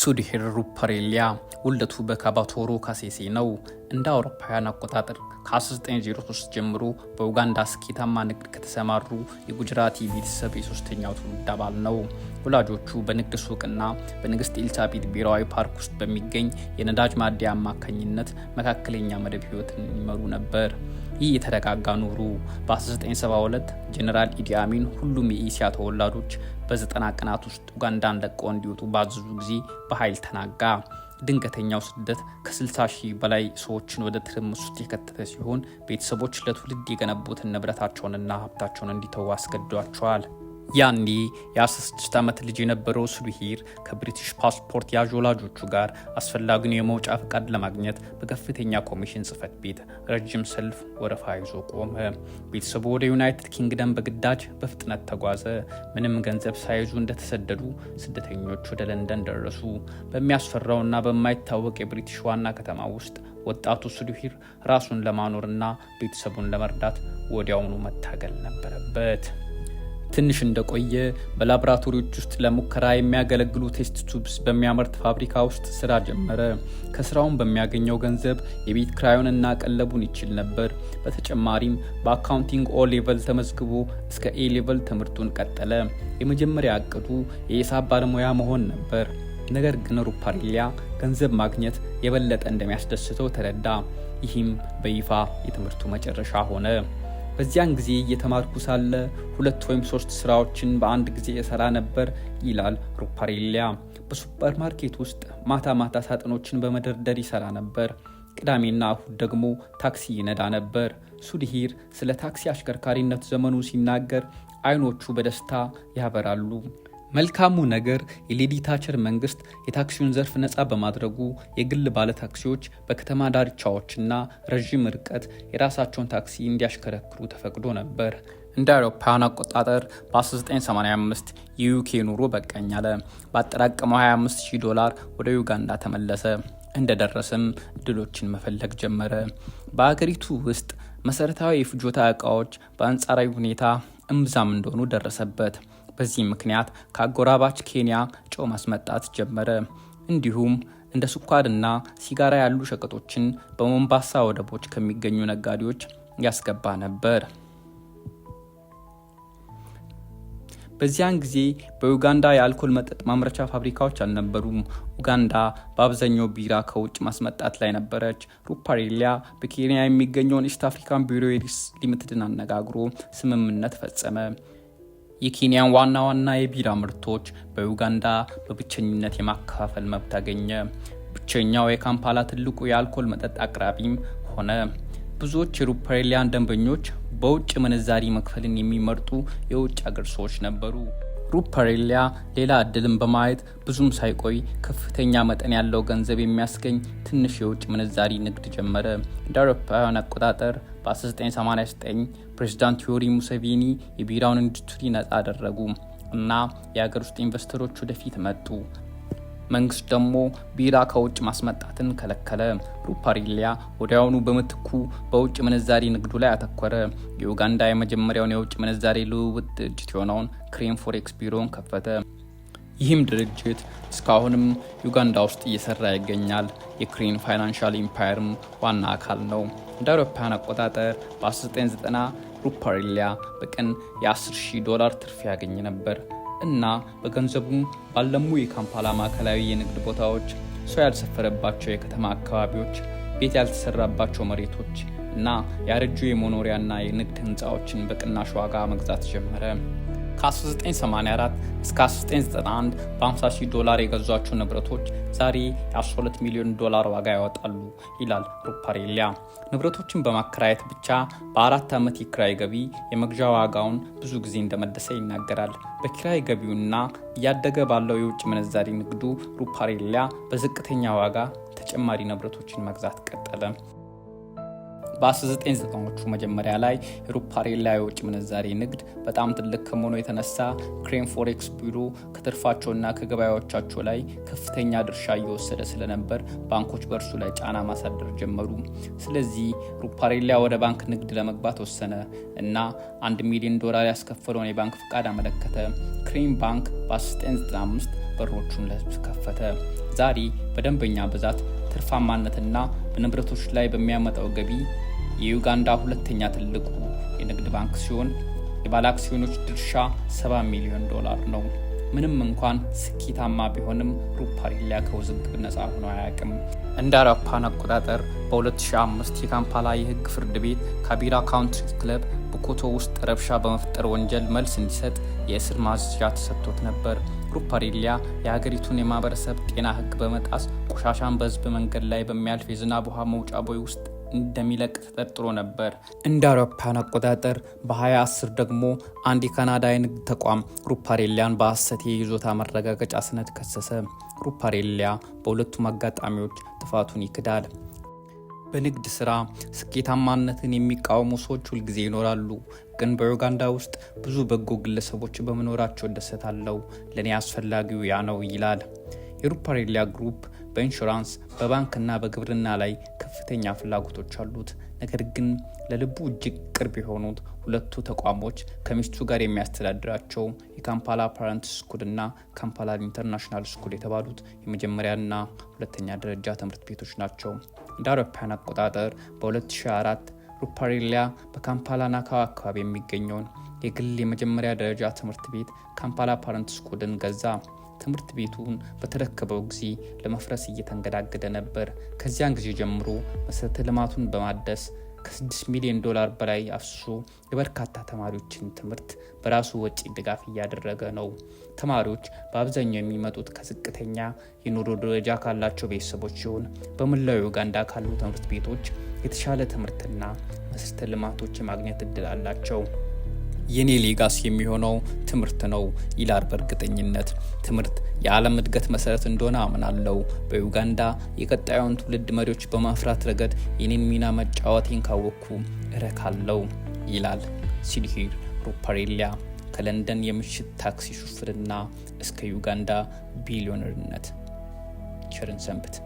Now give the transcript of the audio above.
ሱድሂር ሩፐሬሊያ ውልደቱ በካባቶሮ ካሴሴ ነው። እንደ አውሮፓውያን አቆጣጠር ከ1903 ጀምሮ በኡጋንዳ ስኬታማ ንግድ ከተሰማሩ የጉጅራቲ ቤተሰብ የሶስተኛው ትውልድ አባል ነው። ወላጆቹ በንግድ ሱቅና በንግስት ኤልሳቤጥ ብሔራዊ ፓርክ ውስጥ በሚገኝ የነዳጅ ማደያ አማካኝነት መካከለኛ መደብ ህይወትን ይመሩ ነበር። ይህ የተረጋጋ ኑሩ! በ1972 ጀኔራል ኢዲ አሚን ሁሉም የኢሲያ ተወላጆች በዘጠና ቀናት ውስጥ ኡጋንዳን ለቀው እንዲወጡ ባዘዙ ጊዜ በኃይል ተናጋ። ድንገተኛው ስደት ከ60 ሺህ በላይ ሰዎችን ወደ ትርምስ ውስጥ የከተተ ሲሆን ቤተሰቦች ለትውልድ የገነቡትን ንብረታቸውንና ሀብታቸውን እንዲተዉ አስገድዷቸዋል። ያኔ የ16 ዓመት ልጅ የነበረው ሱሉሂር ከብሪቲሽ ፓስፖርት ያዥ ወላጆቹ ጋር አስፈላጊውን የመውጫ ፈቃድ ለማግኘት በከፍተኛ ኮሚሽን ጽፈት ቤት ረጅም ሰልፍ ወረፋ ይዞ ቆመ። ቤተሰቡ ወደ ዩናይትድ ኪንግደም በግዳጅ በፍጥነት ተጓዘ። ምንም ገንዘብ ሳይዙ እንደተሰደዱ ስደተኞች ወደ ለንደን ደረሱ። በሚያስፈራውና በማይታወቅ የብሪቲሽ ዋና ከተማ ውስጥ ወጣቱ ሱሉሂር ራሱን ለማኖርና ቤተሰቡን ለመርዳት ወዲያውኑ መታገል ነበረበት። ትንሽ እንደቆየ በላብራቶሪዎች ውስጥ ለሙከራ የሚያገለግሉ ቴስት ቱብስ በሚያመርት ፋብሪካ ውስጥ ስራ ጀመረ። ከስራውን በሚያገኘው ገንዘብ የቤት ክራዮን እና ቀለቡን ይችል ነበር። በተጨማሪም በአካውንቲንግ ኦ ሌቨል ተመዝግቦ እስከ ኤ ሌቨል ትምህርቱን ቀጠለ። የመጀመሪያ እቅዱ የሂሳብ ባለሙያ መሆን ነበር። ነገር ግን ሩፓሬሊያ ገንዘብ ማግኘት የበለጠ እንደሚያስደስተው ተረዳ። ይህም በይፋ የትምህርቱ መጨረሻ ሆነ። በዚያን ጊዜ እየተማርኩ ሳለ ሁለት ወይም ሶስት ስራዎችን በአንድ ጊዜ የሰራ ነበር ይላል ሩፓሬሊያ። በሱፐርማርኬት ውስጥ ማታ ማታ ሳጥኖችን በመደርደር ይሰራ ነበር። ቅዳሜና እሁድ ደግሞ ታክሲ ይነዳ ነበር። ሱድሂር ስለ ታክሲ አሽከርካሪነት ዘመኑ ሲናገር አይኖቹ በደስታ ያበራሉ። መልካሙ ነገር የሌዲ ታቸር መንግስት የታክሲውን ዘርፍ ነፃ በማድረጉ የግል ባለታክሲዎች በከተማ ዳርቻዎችና ረዥም ርቀት የራሳቸውን ታክሲ እንዲያሽከረክሩ ተፈቅዶ ነበር። እንደ አውሮፓውያን አቆጣጠር በ1985 የዩኬ ኑሮ በቀኝ አለ። ባጠራቀመው 25000 ዶላር ወደ ዩጋንዳ ተመለሰ። እንደደረሰም እድሎችን መፈለግ ጀመረ። በአገሪቱ ውስጥ መሰረታዊ የፍጆታ እቃዎች በአንጻራዊ ሁኔታ እምብዛም እንደሆኑ ደረሰበት። በዚህም ምክንያት ከአጎራባች ኬንያ ጨው ማስመጣት ጀመረ። እንዲሁም እንደ ስኳርና ሲጋራ ያሉ ሸቀጦችን በሞምባሳ ወደቦች ከሚገኙ ነጋዴዎች ያስገባ ነበር። በዚያን ጊዜ በዩጋንዳ የአልኮል መጠጥ ማምረቻ ፋብሪካዎች አልነበሩም። ኡጋንዳ በአብዛኛው ቢራ ከውጭ ማስመጣት ላይ ነበረች። ሩፓሬሊያ በኬንያ የሚገኘውን ኢስት አፍሪካን ቢሮሪስ ሊምትድን አነጋግሮ ስምምነት ፈጸመ። የኬንያን ዋና ዋና የቢራ ምርቶች በዩጋንዳ በብቸኝነት የማከፋፈል መብት አገኘ። ብቸኛው የካምፓላ ትልቁ የአልኮል መጠጥ አቅራቢም ሆነ። ብዙዎች የሩፐሬሊያን ደንበኞች በውጭ ምንዛሪ መክፈልን የሚመርጡ የውጭ አገር ሰዎች ነበሩ። ሩፐሬሊያ ሌላ እድልን በማየት ብዙም ሳይቆይ ከፍተኛ መጠን ያለው ገንዘብ የሚያስገኝ ትንሽ የውጭ ምንዛሪ ንግድ ጀመረ። እንደ አውሮፓውያን አቆጣጠር በ1989 ፕሬዚዳንት ዮሪ ሙሰቪኒ የቢራውን ኢንዱስትሪ ነጻ አደረጉ እና የሀገር ውስጥ ኢንቨስተሮች ወደፊት መጡ። መንግስት ደግሞ ቢራ ከውጭ ማስመጣትን ከለከለ። ሩፓሪሊያ ወዲያውኑ በምትኩ በውጭ ምንዛሪ ንግዱ ላይ አተኮረ። የኡጋንዳ የመጀመሪያውን የውጭ ምንዛሪ ልውውጥ ድርጅት የሆነውን ክሬም ፎሬክስ ቢሮን ከፈተ። ይህም ድርጅት እስካሁንም ዩጋንዳ ውስጥ እየሰራ ይገኛል። የክሬን ፋይናንሻል ኢምፓየርም ዋና አካል ነው። እንደ አውሮፓውያን አቆጣጠር በ1990 ሩፓሪሊያ በቀን የ10 ዶላር ትርፍ ያገኝ ነበር። እና በገንዘቡ ባለሙ የካምፓላ ማዕከላዊ የንግድ ቦታዎች፣ ሰው ያልሰፈረባቸው የከተማ አካባቢዎች፣ ቤት ያልተሰራባቸው መሬቶች እና ያረጁ የመኖሪያና የንግድ ህንፃዎችን በቅናሽ ዋጋ መግዛት ጀመረ። ከ1984 እስከ 1991 በ50 ዶላር የገዟቸው ንብረቶች ዛሬ የ12 ሚሊዮን ዶላር ዋጋ ያወጣሉ ይላል ሩፓሬሊያ። ንብረቶችን በማከራየት ብቻ በአራት ዓመት የኪራይ ገቢ የመግዣ ዋጋውን ብዙ ጊዜ እንደመደሰ ይናገራል። በኪራይ ገቢውና እያደገ ባለው የውጭ ምንዛሪ ንግዱ ሩፓሬሊያ በዝቅተኛ ዋጋ ተጨማሪ ንብረቶችን መግዛት ቀጠለ። በ1990ዎቹ መጀመሪያ ላይ የሩፓሬል የውጭ ምንዛሬ ንግድ በጣም ትልቅ ከመሆኑ የተነሳ ክሬን ፎሬክስ ቢሮ ከትርፋቸውና ከገበያዎቻቸው ላይ ከፍተኛ ድርሻ እየወሰደ ስለነበር ባንኮች በእርሱ ላይ ጫና ማሳደር ጀመሩ። ስለዚህ ሩፓሬላ ወደ ባንክ ንግድ ለመግባት ወሰነ እና አንድ ሚሊዮን ዶላር ያስከፈለውን የባንክ ፍቃድ አመለከተ። ክሬን ባንክ በ1995 በሮቹን ለህዝብ ከፈተ። ዛሬ በደንበኛ ብዛት ትርፋማነትና በንብረቶች ላይ በሚያመጣው ገቢ የዩጋንዳ ሁለተኛ ትልቁ የንግድ ባንክ ሲሆን የባለ አክሲዮኖች ድርሻ 70 ሚሊዮን ዶላር ነው። ምንም እንኳን ስኬታማ ቢሆንም ሩፓሪላ ከውዝግብ ነጻ ሆኖ አያውቅም። እንደ አውሮፓውያን አቆጣጠር በ2005 የካምፓላ የህግ ፍርድ ቤት ካቢራ ካውንትሪ ክለብ በኮቶ ውስጥ ረብሻ በመፍጠር ወንጀል መልስ እንዲሰጥ የእስር ማዘዣ ተሰጥቶት ነበር። ሩፓሪሊያ የሀገሪቱን የማህበረሰብ ጤና ህግ በመጣስ ቆሻሻን በህዝብ መንገድ ላይ በሚያልፍ የዝናብ ውሃ መውጫ ቦይ ውስጥ እንደሚለቅ ተጠርጥሮ ነበር። እንደ አውሮፓውያን አቆጣጠር በ2010 ደግሞ አንድ የካናዳ የንግድ ተቋም ሩፓሬሊያን በሐሰት የይዞታ ማረጋገጫ ሰነድ ከሰሰ። ሩፓሬሊያ በሁለቱም አጋጣሚዎች ጥፋቱን ይክዳል። በንግድ ስራ ስኬታማነትን የሚቃወሙ ሰዎች ሁልጊዜ ይኖራሉ። ግን በዩጋንዳ ውስጥ ብዙ በጎ ግለሰቦች በመኖራቸው እደሰታለሁ፣ ለእኔ አስፈላጊው ያ ነው ይላል። የሩፓሬሊያ ግሩፕ በኢንሹራንስ በባንክና በግብርና ላይ ከፍተኛ ፍላጎቶች አሉት። ነገር ግን ለልቡ እጅግ ቅርብ የሆኑት ሁለቱ ተቋሞች ከሚስቱ ጋር የሚያስተዳድራቸው የካምፓላ ፓረንት ስኩልና ካምፓላ ኢንተርናሽናል ስኩል የተባሉት የመጀመሪያና ሁለተኛ ደረጃ ትምህርት ቤቶች ናቸው። እንደ አውሮፓያን አቆጣጠር በ2004 ሩፓሪሊያ በካምፓላ ናካዋ አካባቢ የሚገኘውን የግል የመጀመሪያ ደረጃ ትምህርት ቤት ካምፓላ ፓረንት ስኩልን ገዛ። ትምህርት ቤቱን በተረከበው ጊዜ ለመፍረስ እየተንገዳገደ ነበር። ከዚያን ጊዜ ጀምሮ መሰረተ ልማቱን በማደስ ከ6 ሚሊዮን ዶላር በላይ አፍሶ የበርካታ ተማሪዎችን ትምህርት በራሱ ወጪ ድጋፍ እያደረገ ነው። ተማሪዎች በአብዛኛው የሚመጡት ከዝቅተኛ የኑሮ ደረጃ ካላቸው ቤተሰቦች ሲሆን በምላዊ ዩጋንዳ ካሉ ትምህርት ቤቶች የተሻለ ትምህርትና መሠረተ ልማቶች የማግኘት እድል አላቸው። የኔ ሌጋስ የሚሆነው ትምህርት ነው ይላል። በእርግጠኝነት ትምህርት የዓለም እድገት መሰረት እንደሆነ አምናለሁ። በዩጋንዳ የቀጣዩን ትውልድ መሪዎች በማፍራት ረገድ የኔ ሚና መጫወቴን ካወቅኩ እረካለው ይላል ሲድሂር ሩፓሬሊያ ከለንደን የምሽት ታክሲ ሹፍርና እስከ ዩጋንዳ ቢሊዮነርነት። ቸርን ሰንብት።